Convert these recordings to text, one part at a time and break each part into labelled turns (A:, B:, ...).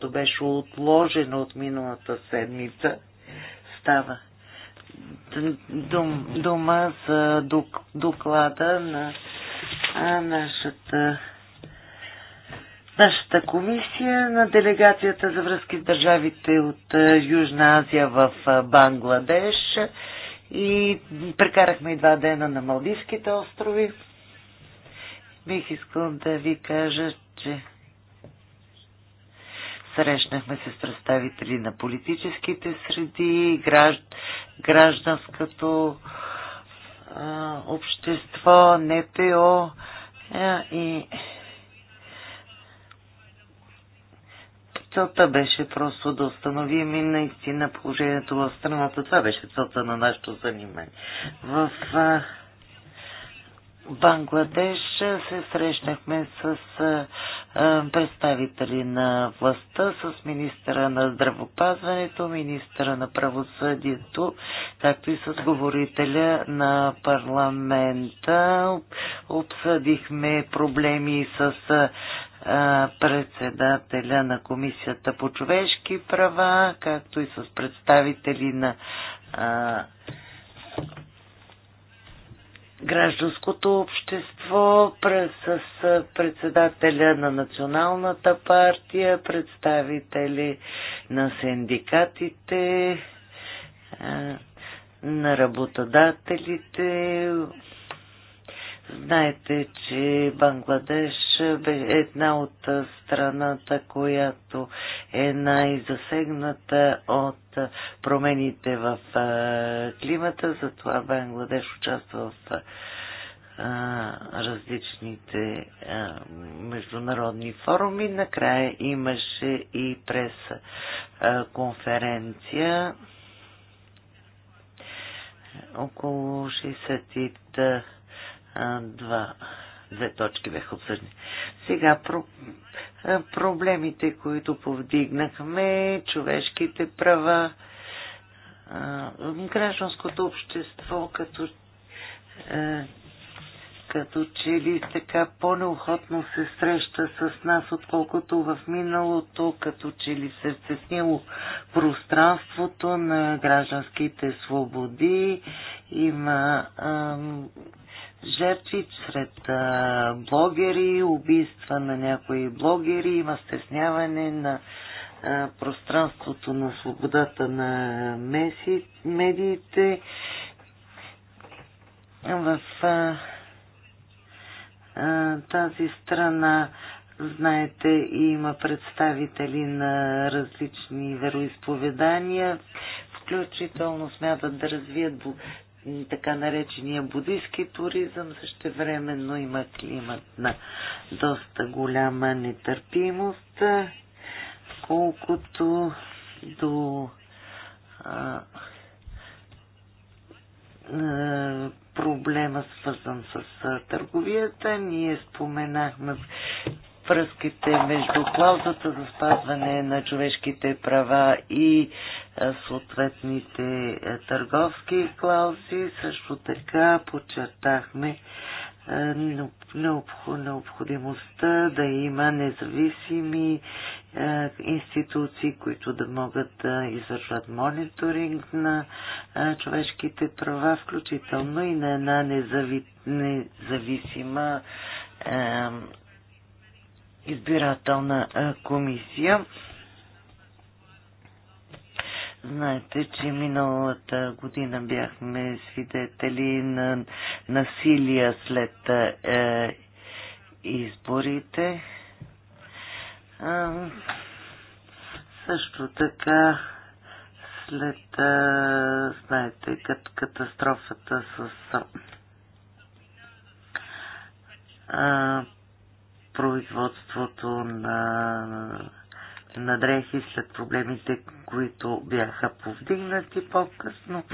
A: което беше отложено от миналата седмица, става дум, дума за док, доклада на а, нашата нашата комисия на делегацията за връзки с държавите от Южна Азия в Бангладеш и прекарахме и два дена на Малдивските острови. Бих искал да ви кажа, че Срещнахме се с представители на политическите среди, гражданското общество, НПО и целта беше просто да установим и наистина положението в страната. Това беше целта на нашето занимание. В Бангладеш се срещнахме с а, е, представители на властта с министра на здравопазването, министра на правосъдието, както и с говорителя на парламента. Обсъдихме проблеми с е, председателя на Комисията по човешки права, както и с представители на е, гражданското общество, с председателя на Националната партия, представители на синдикатите, на работодателите, Знаете, че Бангладеш е една от страната, която е най-засегната от промените в климата, затова Бангладеш участва в различните международни форуми. Накрая имаше и прес конференция около 60 два, две точки бяха обсъждани. Сега про, проблемите, които повдигнахме, човешките права, гражданското общество като като че ли така по-неохотно се среща с нас, отколкото в миналото, като че ли се стеснило пространството на гражданските свободи, има а, жертви сред а, блогери, убийства на някои блогери, има стесняване на а, пространството на свободата на меси, медиите. В а, а, тази страна Знаете, има представители на различни вероизповедания, включително смятат да развият така наречения буддийски туризъм, същевременно има климат на доста голяма нетърпимост, колкото до а, а, проблема свързан с а, търговията. Ние споменахме връзките между клаузата за спазване на човешките права и съответните е, търговски клаузи. Също така подчертахме е, необходимостта да има независими е, институции, които да могат да извършват мониторинг на човешките права, включително и на една незави... независима избирателна комисия. Знаете, че миналата година бяхме свидетели на насилие след е, изборите. А, също така, след, е, знаете, кат, катастрофата с е, а, производството на надрехи след проблемите, които бяха повдигнати по-късно.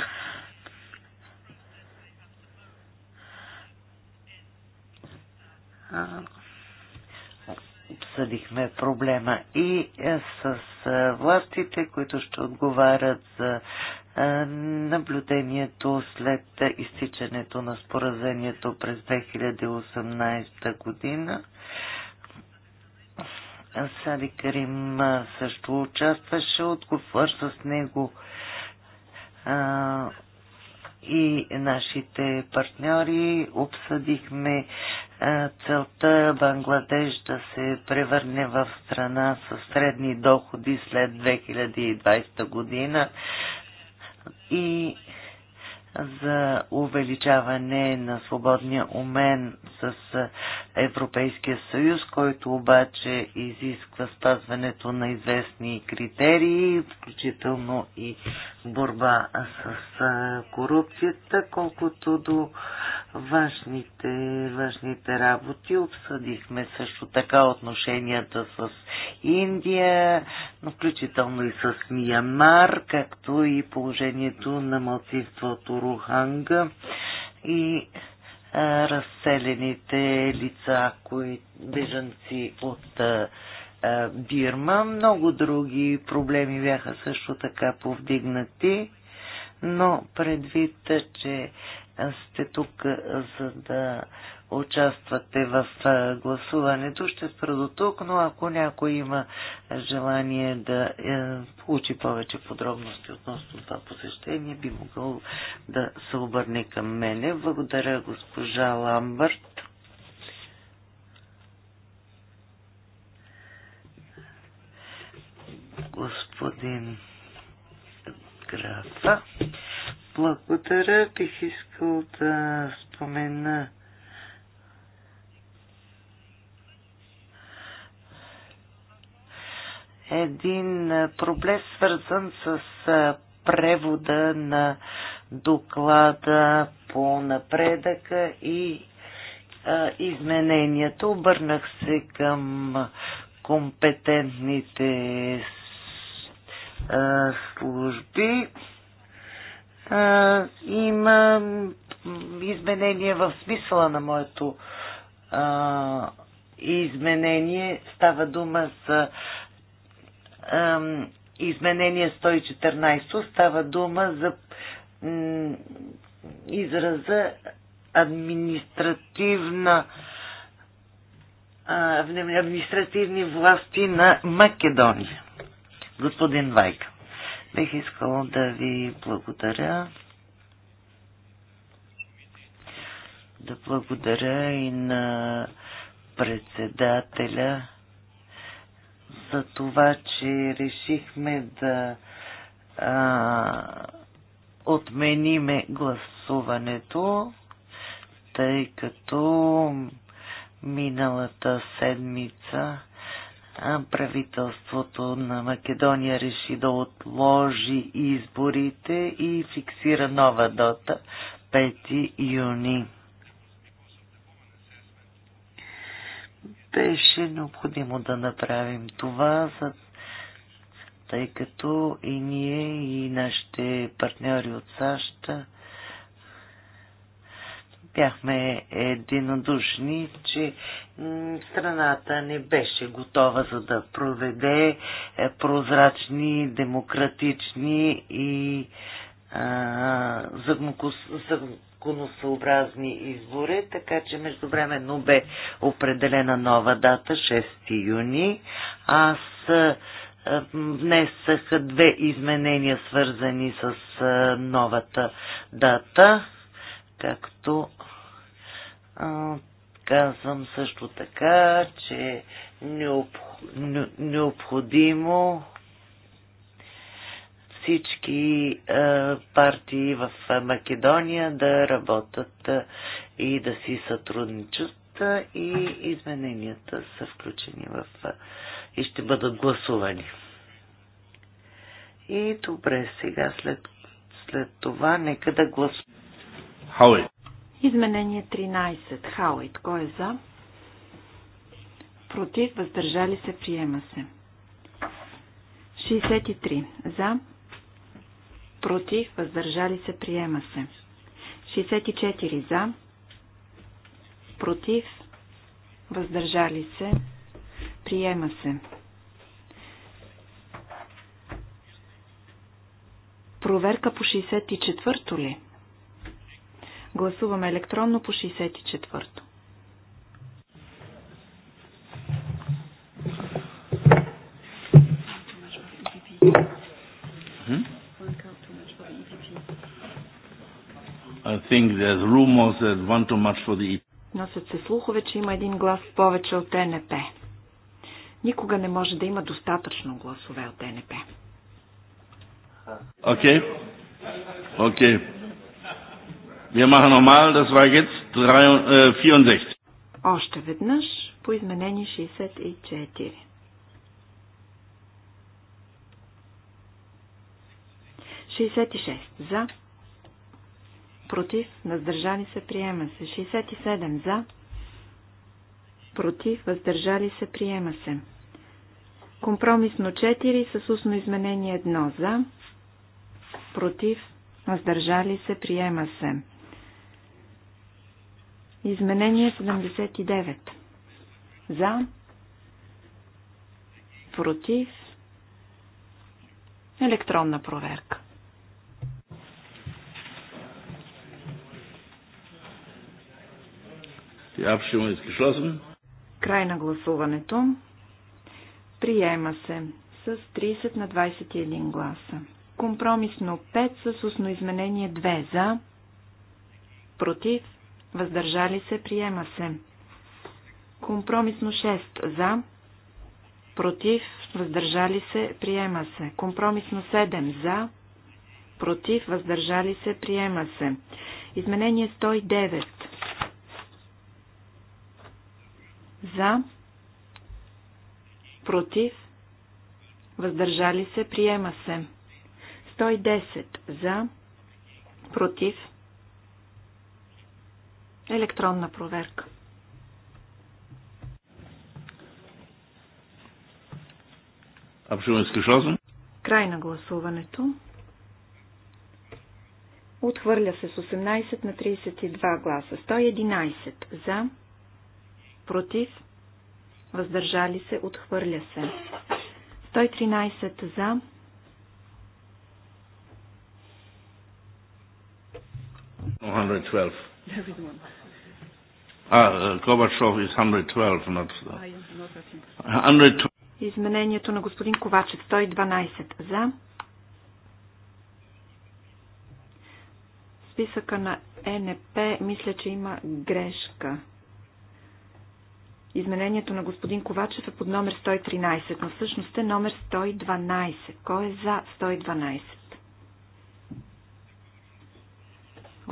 A: Обсъдихме проблема и е, с е, властите, които ще отговарят за е, наблюдението след изтичането на споразението през 2018 година Сади Карим също участваше, отговор с него а, и нашите партньори. Обсъдихме а, целта Бангладеш да се превърне в страна с средни доходи след 2020 година и за увеличаване на свободния умен с Европейския съюз, който обаче изисква спазването на известни критерии, включително и борба с корупцията, колкото до външните, външните работи. Обсъдихме също така отношенията с Индия, но включително и с Миямар, както и положението на малцинството Руханга и а, разселените лица, кои бежанци от а, Бирма. Много други проблеми бяха също така повдигнати, но предвид, че сте тук, за да участвате в гласуването. Ще спра до тук, но ако някой има желание да е, получи повече подробности относно това посещение, би могъл да се обърне към мене. Благодаря госпожа Ламбърт. Господин графа. Благодаря, бих искал да спомена един проблем, свързан с превода на доклада по напредъка и а, изменението. Обърнах се към компетентните а, служби има изменение в смисъла на моето а, изменение. Става дума за а, изменение 114. Става дума за м, израза административна а, административни власти на Македония. Господин Вайка. Бих искала да ви благодаря. Да благодаря и на председателя за това, че решихме да а, отмениме гласуването, тъй като миналата седмица правителството на Македония реши да отложи изборите и фиксира нова дата 5 юни. Беше необходимо да направим това, за тъй като и ние, и нашите партньори от САЩ бяхме единодушни, че страната не беше готова за да проведе е, прозрачни, демократични и законосъобразни избори, така че междувременно бе определена нова дата, 6 юни. Аз внесах две изменения, свързани с новата дата, както Казвам също така, че необ... необходимо всички партии в Македония да работят и да си сътрудничат и измененията са включени в и ще бъдат гласувани. И добре, сега след, след това нека да гласуваме.
B: Изменение 13. Хауит. Кой е за? Против. Въздържали се. Приема се. 63. За. Против. Въздържали се. Приема се. 64. За. Против. Въздържали се. Приема се. Проверка по 64-то ли? Гласуваме електронно по 64-то. Hmm?
A: I think there's rumors that one too much
B: for the EP. Носят се слухове, че има един глас повече от НП. Никога не може да има достатъчно гласове от НП. Окей. Okay.
A: Окей. Okay. Wir machen nochmal, das war jetzt 64.
B: Äh, Още веднъж по изменение 64. 66 за. Против. Въздържали се. Приема се. 67 за. Против. Въздържали се. Приема се. Компромисно 4 с устно изменение 1 за. Против. Въздържали се. Приема се. Изменение 79. За. Против. Електронна проверка. Край на гласуването. Приема се с 30 на 21 гласа. Компромисно 5 с устно изменение 2 за, против въздържали се, приема се. Компромисно 6 за, против, въздържали се, приема се. Компромисно 7 за, против, въздържали се, приема се. Изменение 109 за, против, въздържали се, приема се. 110 за, против, Електронна проверка. Край на гласуването. Отхвърля се с 18 на 32 гласа. 111 за, против, въздържали се, отхвърля се. 113 за,
A: а, Ковачов is 112, not... 112.
B: Изменението на господин Ковачев, 112 за. Списъка на НП, мисля, че има грешка. Изменението на господин Ковачев е под номер 113, но всъщност е номер 112. Кой е за 112?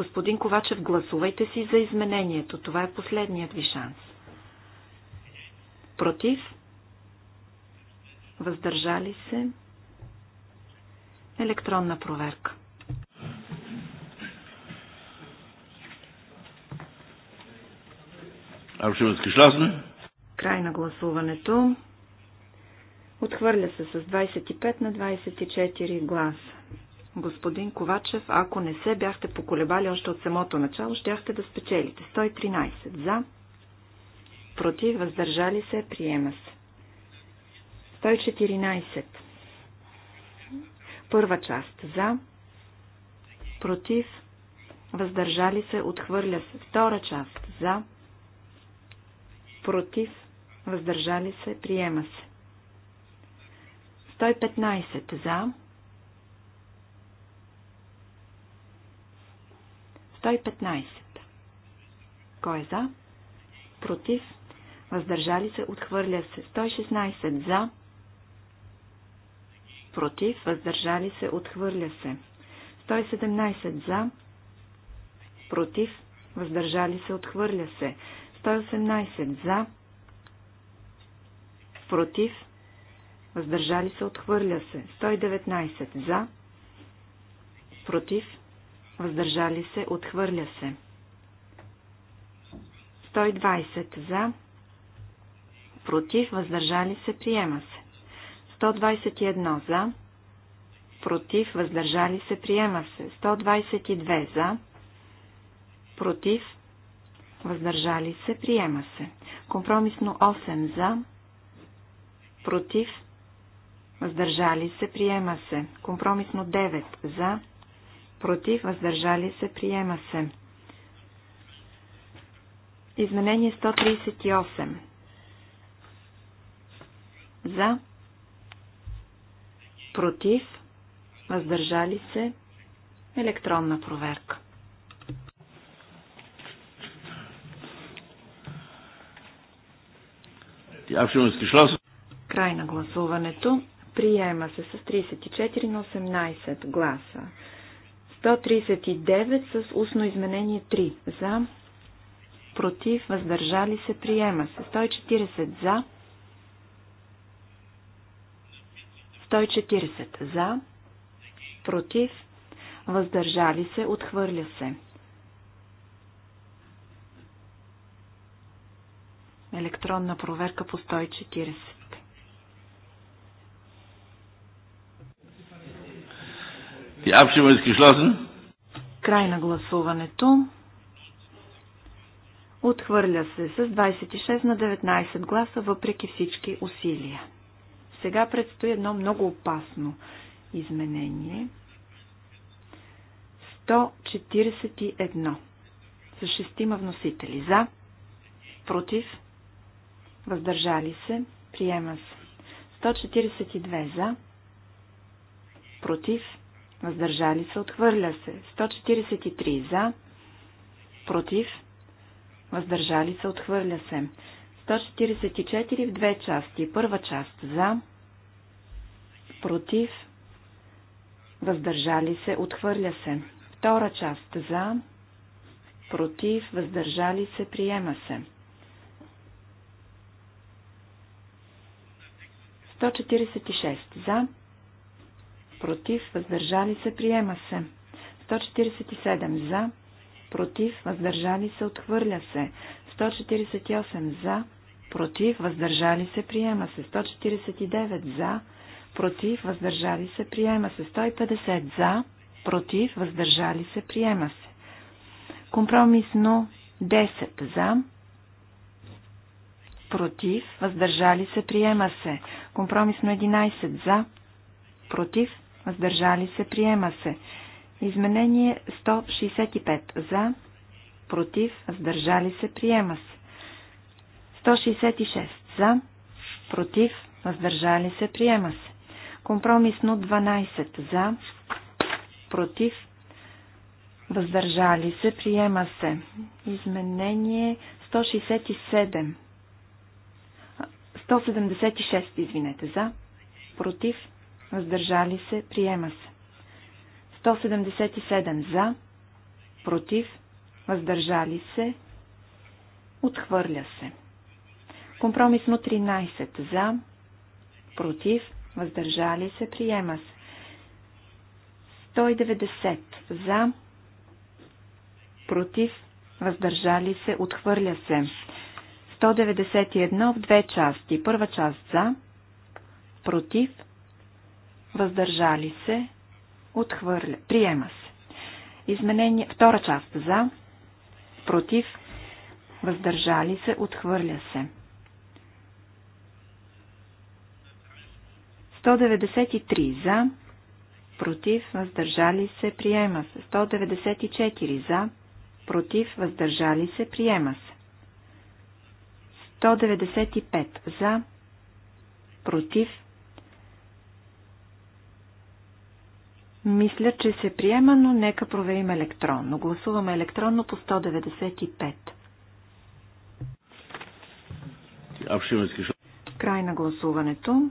B: Господин Ковачев, гласувайте си за изменението. Това е последният ви шанс. Против? Въздържали се? Електронна проверка. Край на гласуването. Отхвърля се с 25 на 24 гласа. Господин Ковачев, ако не се бяхте поколебали още от самото начало, щяхте да спечелите. 113 за, против, въздържали се, приема се. 114. Първа част за, против, въздържали се, отхвърля се. Втора част за, против, въздържали се, приема се. 115 за, 115. Кой е за? Против? Въздържали се? Отхвърля се. 116. За? Против? Въздържали се? Отхвърля се. 117. За? Против? Въздържали се? Отхвърля се. 118. За? Против? Въздържали се? Отхвърля се. 119. За? Против? въздържали се, отхвърля се. 120 за, против, въздържали се, приема се. 121 за, против, въздържали се, приема се. 122 за, против, въздържали се, приема се. Компромисно 8 за, против, въздържали се, приема се. Компромисно 9 за, против, въздържали се, приема се. Изменение 138. За, против, въздържали се, електронна проверка. Край на гласуването. Приема се с 34 на 18 гласа. 139 с устно изменение 3. За. Против. Въздържали се. Приема се. 140 за. 140 за. Против. Въздържали се. Отхвърля се. Електронна проверка по 140.
A: Die Abstimmung ist geschlossen.
B: Край на гласуването. Отхвърля се с 26 на 19 гласа, въпреки всички усилия. Сега предстои едно много опасно изменение. 141. За шестима вносители. За. Против. Въздържали се. Приема се. 142 за. Против. 1 въздържали се, отхвърля се. 143 за, против, въздържали се, отхвърля се. 144 в две части. Първа част за, против, въздържали се, отхвърля се. Втора част за, против, въздържали се, приема се. 146 за, против, въздържали се, приема се. 147 за, против, въздържали се, отхвърля се. 148 за, против, въздържали се, приема се. 149 за, против, въздържали се, приема се. 150 за, против, въздържали се, приема се. Компромисно 10 за, против, въздържали се, приема се. Компромисно 11 за, против, въздържали се, приема се. Изменение 165 за, против, въздържали се, приема се. 166 за, против, въздържали се, приема се. Компромисно 12 за, против, въздържали се, приема се. Изменение 167. 176, извинете, за, против, въздържали се, приема се. 177 за, против, въздържали се, отхвърля се. Компромисно 13 за, против, въздържали се, приема се. 190 за, против, въздържали се, отхвърля се. 191 в две части. Първа част за, против, въздържали се, отхвърля, приема се. Изменение, втора част за, против, въздържали се, отхвърля се. 193 за, против, въздържали се, приема се. 194 за, против, въздържали се, приема се. 195 за, против, Мисля, че се приема, но нека проверим електронно. Гласуваме електронно по 195. Край на гласуването.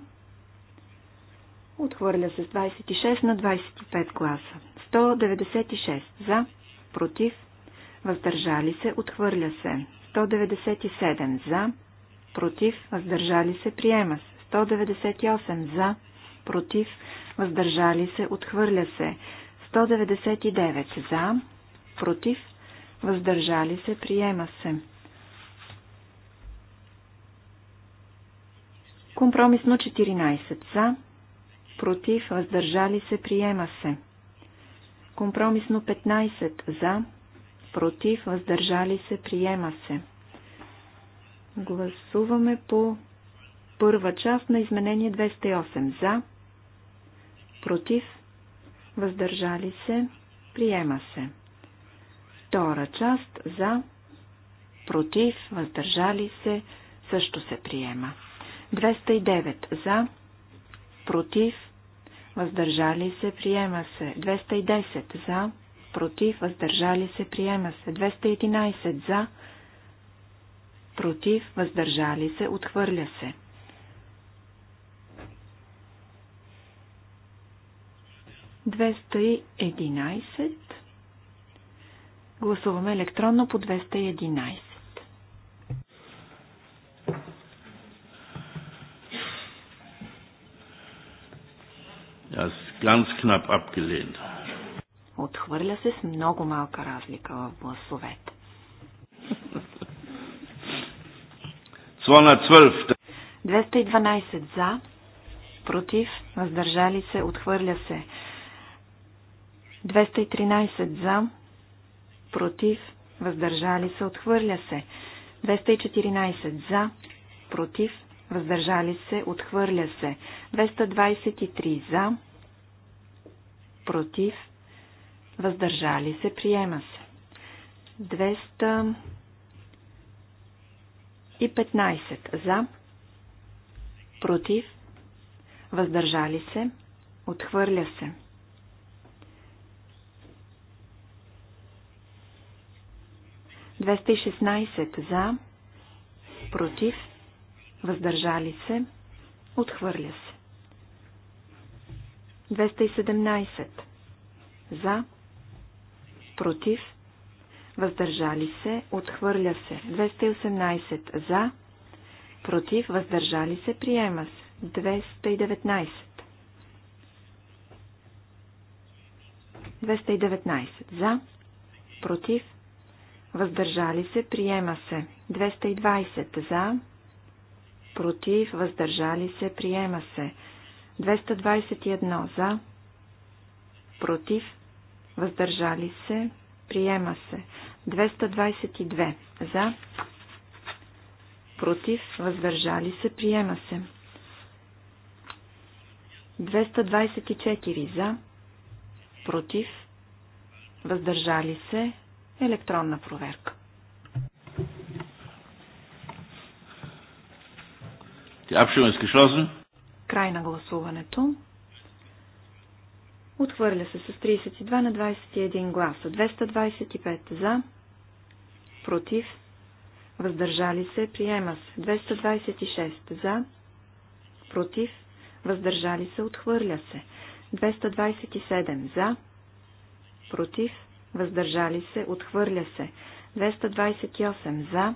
B: Отхвърля се с 26 на 25 гласа. 196 за, против, въздържали се, отхвърля се. 197 за, против, въздържали се, приема се. 198 за, против, въздържали се, отхвърля се. 199 за, против, въздържали се, приема се. Компромисно 14 за, против, въздържали се, приема се. Компромисно 15 за, против, въздържали се, приема се. Гласуваме по първа част на изменение 208 за, против, въздържали се, приема се. Втора част за, против, въздържали се, също се приема. 209 за, против, въздържали се, приема се. 210 за, против, въздържали се, приема се. 211 за, против, въздържали се, отхвърля се. 211. Гласуваме електронно по 211.
A: Das ganz knapp abgelehnt.
B: Отхвърля се с много малка разлика в гласовете. 212 за, против, въздържали се, отхвърля се. 213 за, против, въздържали се, отхвърля се. 214 за, против, въздържали се, отхвърля се. 223 за, против, въздържали се, приема се. 215 за, против, въздържали се, отхвърля се. 216 за, против, въздържали се, отхвърля се. 217 за, против, въздържали се, отхвърля се. 218 за, против, въздържали се, приема се. 219 219 за, против, въздържали се, приема се. 220 за, против, въздържали се, приема се. 221 за, против, въздържали се, приема се. 222 за, против, въздържали се, приема се. 224 за, против, въздържали се, електронна проверка. Край на гласуването. Отхвърля се с 32 на 21 гласа. 225 за, против, въздържали се, приема се. 226 за, против, въздържали се, отхвърля се. 227 за, против, въздържали се, отхвърля се. 228 за,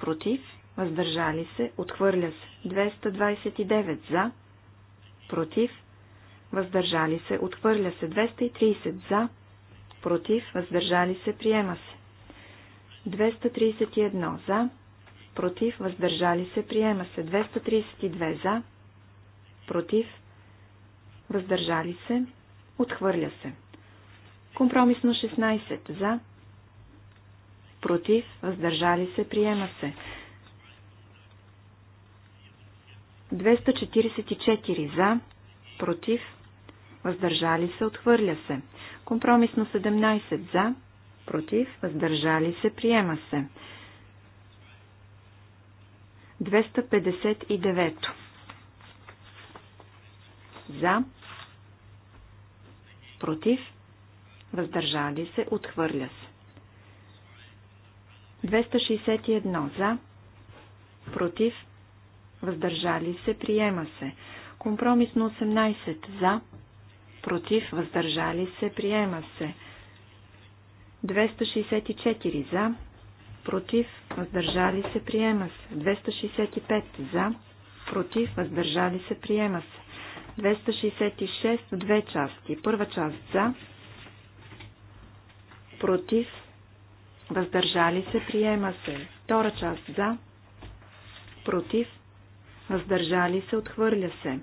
B: против, въздържали се, отхвърля се. 229 за, против, въздържали се, отхвърля се. 230 за, против, въздържали се, приема се. 231 за, против, въздържали се, приема се. 232 за, против, въздържали се, отхвърля се. Компромисно 16 за, против, въздържали се, приема се. 244 за, против, въздържали се, отхвърля се. Компромисно 17 за, против, въздържали се, приема се. 259 за, против, въздържали се, отхвърля се. 261 за, против, въздържали се, приема се. Компромисно 18 за, против, въздържали се, приема се. 264 за, против, въздържали се, приема се. 265 за, против, въздържали се, приема се. 266 в две части. Първа част за, против, въздържали се, приема се. Втора част за, против, въздържали се, отхвърля се.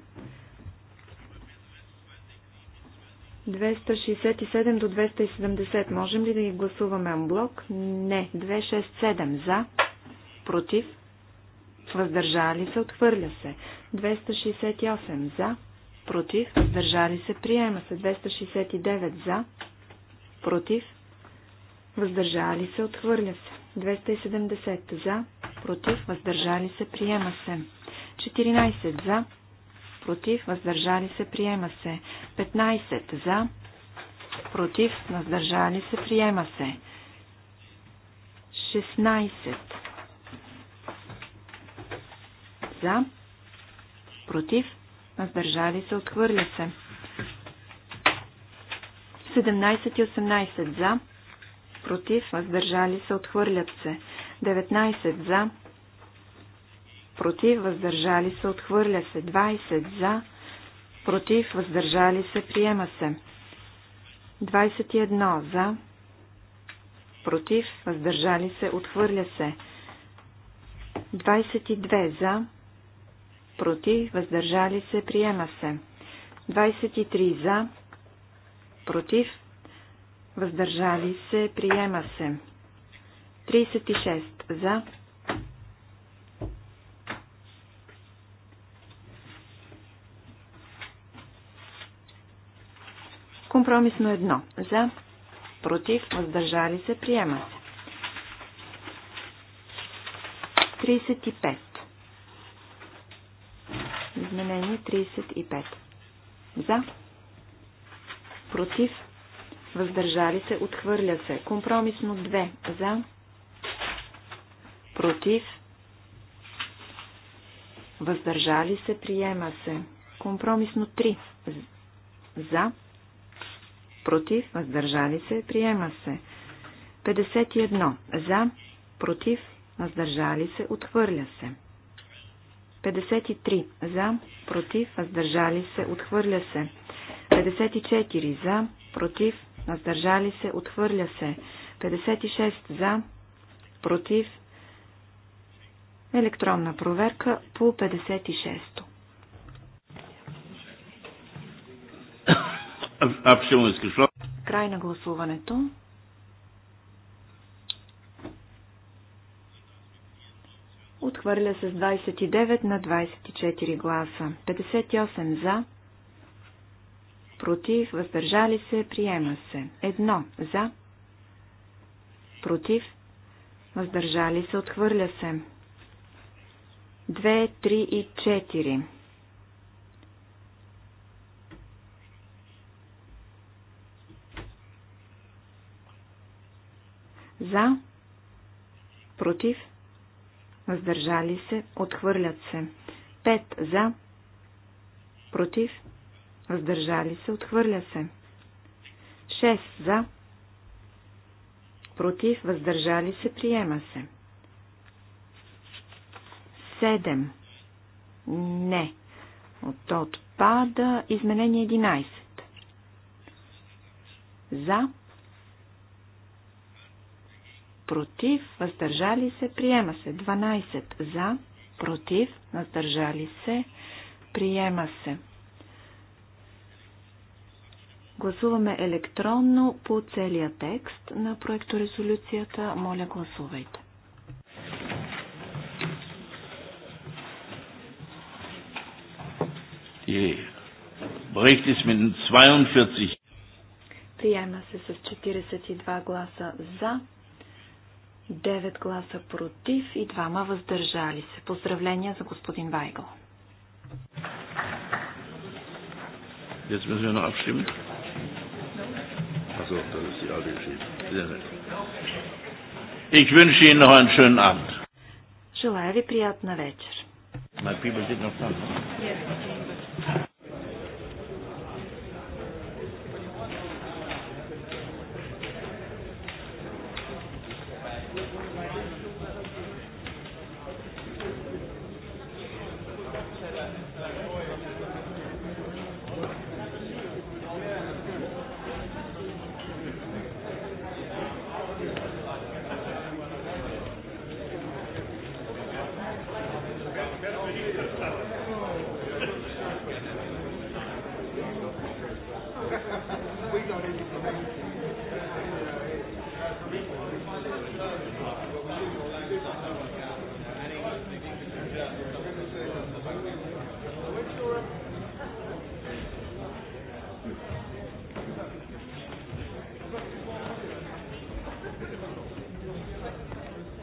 B: 267 до 270. Можем ли да ги гласуваме блок? Не. 267 за, против, въздържали се, отхвърля се. 268 за, против, въздържали се, приема се. 269 за, против, въздържали се, отхвърля се. 270 за, против, въздържали се, приема се. 14 за, против, въздържали се, приема се. 15 за, против, въздържали се, приема се. 16 за, против, въздържали се, отхвърля се. 17 и 18 за, против, въздържали се, отхвърлят се. 19 за, против, въздържали се, отхвърля се. 20 за, против, въздържали се, приема се. 21 за, против, въздържали се, отхвърля се. 22 за, против, въздържали се, приема се. 23 за, против, въздържали се, приема се. 36 за, Компромисно едно. За, против, въздържали се, приема се. 35. Изменение 35. За, против, въздържали се, отхвърля се. Компромисно 2 за, против, въздържали се, приема се. Компромисно 3 за, против, въздържали се, приема се. 51 за, против, въздържали се, отхвърля се. 53 за, против, въздържали се, отхвърля се. 54 за, против, въздържали се, отхвърля се. 56 за, против, електронна проверка по 56 Край на гласуването. Отхвърля се с 29 на 24 гласа. 58 за, против, въздържали се, приема се. Едно, за, против, въздържали се, отхвърля се. Две, три и четири. За, против, въздържали се, отхвърлят се. Пет за, против, въздържали се, отхвърля се. 6 за, против, въздържали се, приема се. 7. Не. От отпада изменение 11. За. Против, въздържали се, приема се. 12. За. Против, въздържали се, приема се. Гласуваме електронно по целия текст на проекторезолюцията. Моля, гласувайте. Приема се с 42 гласа за, 9 гласа против и 2 въздържали се. Поздравления за господин Вайгъл. Jetzt müssen wir noch abstimmen.
A: Also, das ist die alte Geschichte.
B: Ich wünsche Ihnen noch
A: einen schönen Abend.
B: Желая ви приятна вечер.